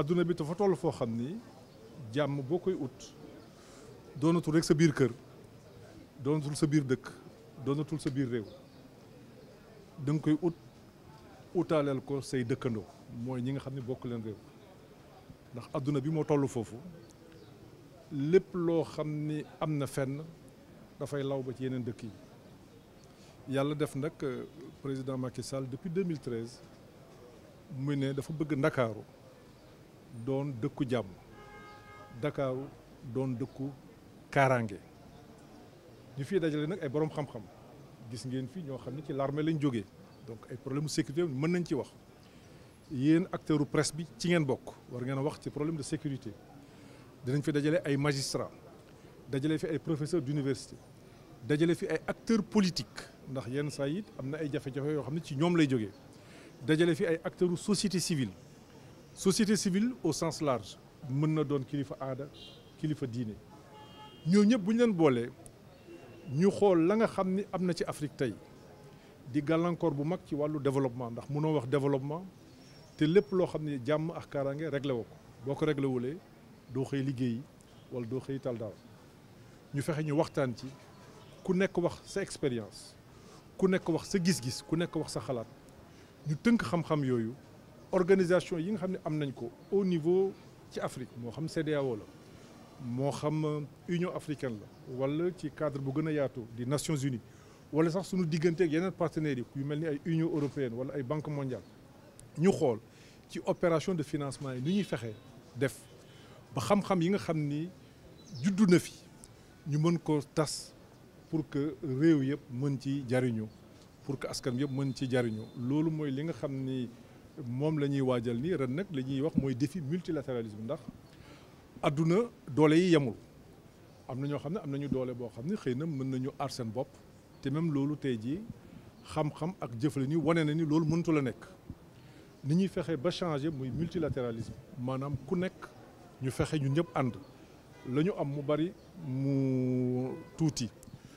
adduna bi dafa toll foo xam ni jàmm boo koy ut doonatul rekk sa biir kër doonatul sa biir dëkk doonatul sa biir réew da koy ut utaaleel ko say dëkkandoo mooy ñi nga xam ne bokk leen réew ndax adduna bi moo toll foofu lépp loo xam ni am na fenn dafay law ba ci yeneen dëkk yi yalla def nak euh, président Macky Sall depuis 2013 mu ne dafa bëgg Dakar doon dëkku jamm Dakar doon dëkku kaaraange ñu fi dajalé nak ay borom xam-xam gis ngeen fi ño xamni ci l'armée lañ joggé donc ay problème de sécurité mën nañ ci wax yeen acteuru presse bi ci ngeen bok war ngeen wax ci problème de sécurité dinañ fi dajalé ay magistrats dajalé fi ay professeurs d'université dajale fi ay acteurs politiques ndax yenn saa yi am na ay jafe-jafe yoo xam ne ci ñoom lay jógee dajale fi ay acteurs société civile société civile au sens large mën na doon kilifa aada kilifa diine ñoo ñëpp bu ñu leen boolee ñu xool la nga xam ni am na ci Afrique tey di gàllankoor bu mag ci wàllu développement ndax mënoo wax développement te lépp loo xam ne jàmm ak kaaraange réglé woo ko boo ko réglé wulee doo xëy liggéeyi wala doo xëy tal ñu fexe ñu waxtaan ci ku nekk wax sa expérience ku nekk wax sa gis-gis ku nekk wax sa xalat. ñu tënk xam-xam yoyu organisation yi nga xam am nañ ko au niveau ci Afrique mo xam CDAO la mo xam euh, Union africaine la wala ci cadre bu gën a yaatu di Nations Unies wala sax suñu diggante ak yeneen partenaires yu melni ay Union européenne wala ay Banque mondiale ñu xool ci opération de financement yi ni ñuy fexé def ba xam-xam yi nga xam ni juddu na fi ñu mën ko tas pour que réew yëpp mën ci jariñu pour que askan yëpp mën ci jariñu loolu mooy li nga xam ni moom la ñuy waajal nii ren nag li ñuy wax mooy défi multilatéralisme ndax adduna doole yi yemul am na ñoo xam ne am nañu doole boo xam ne xëy na mën nañu aar seen bopp te même loolu tey jii xam-xam ak jëfale ni wane na ni loolu mëntu nekk ni ñuy fexe ba changer muy multilatéralisme maanaam ku nekk ñu fexe ñu ñëpp ànd la ñu am mu bari mu tuuti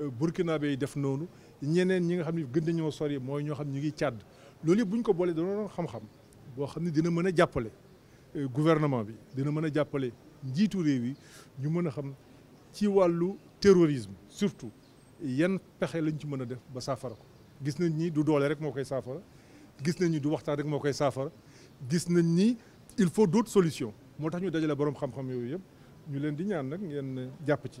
Euh, Burkina Faso def noonu ñeneen ñi nga xamni ne gën nañoo sori moy ñoo xamni ñu ngi càdd loolu buñ bu ñu ko boolee danoon xam-xam bo xamni dina mëna jappalé euh, gouvernement bi dina mëna jappalé jàppale njiitu réew yi ñu mëna xam ci walu terrorisme surtout yan pexé lañ ci mëna def ba safara ko gis nañ ni du doole rek mo koy safara gis nañ ni du waxtaan rek mo koy safara gis nañ ni il faut d'autres solutions motax tax ñu dajale borom xam-xam yoyu yëpp ñu leen di ñaan nak ngeen japp ci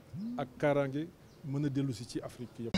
ak kaaraange mën a dellu si ci Afrique yëpp.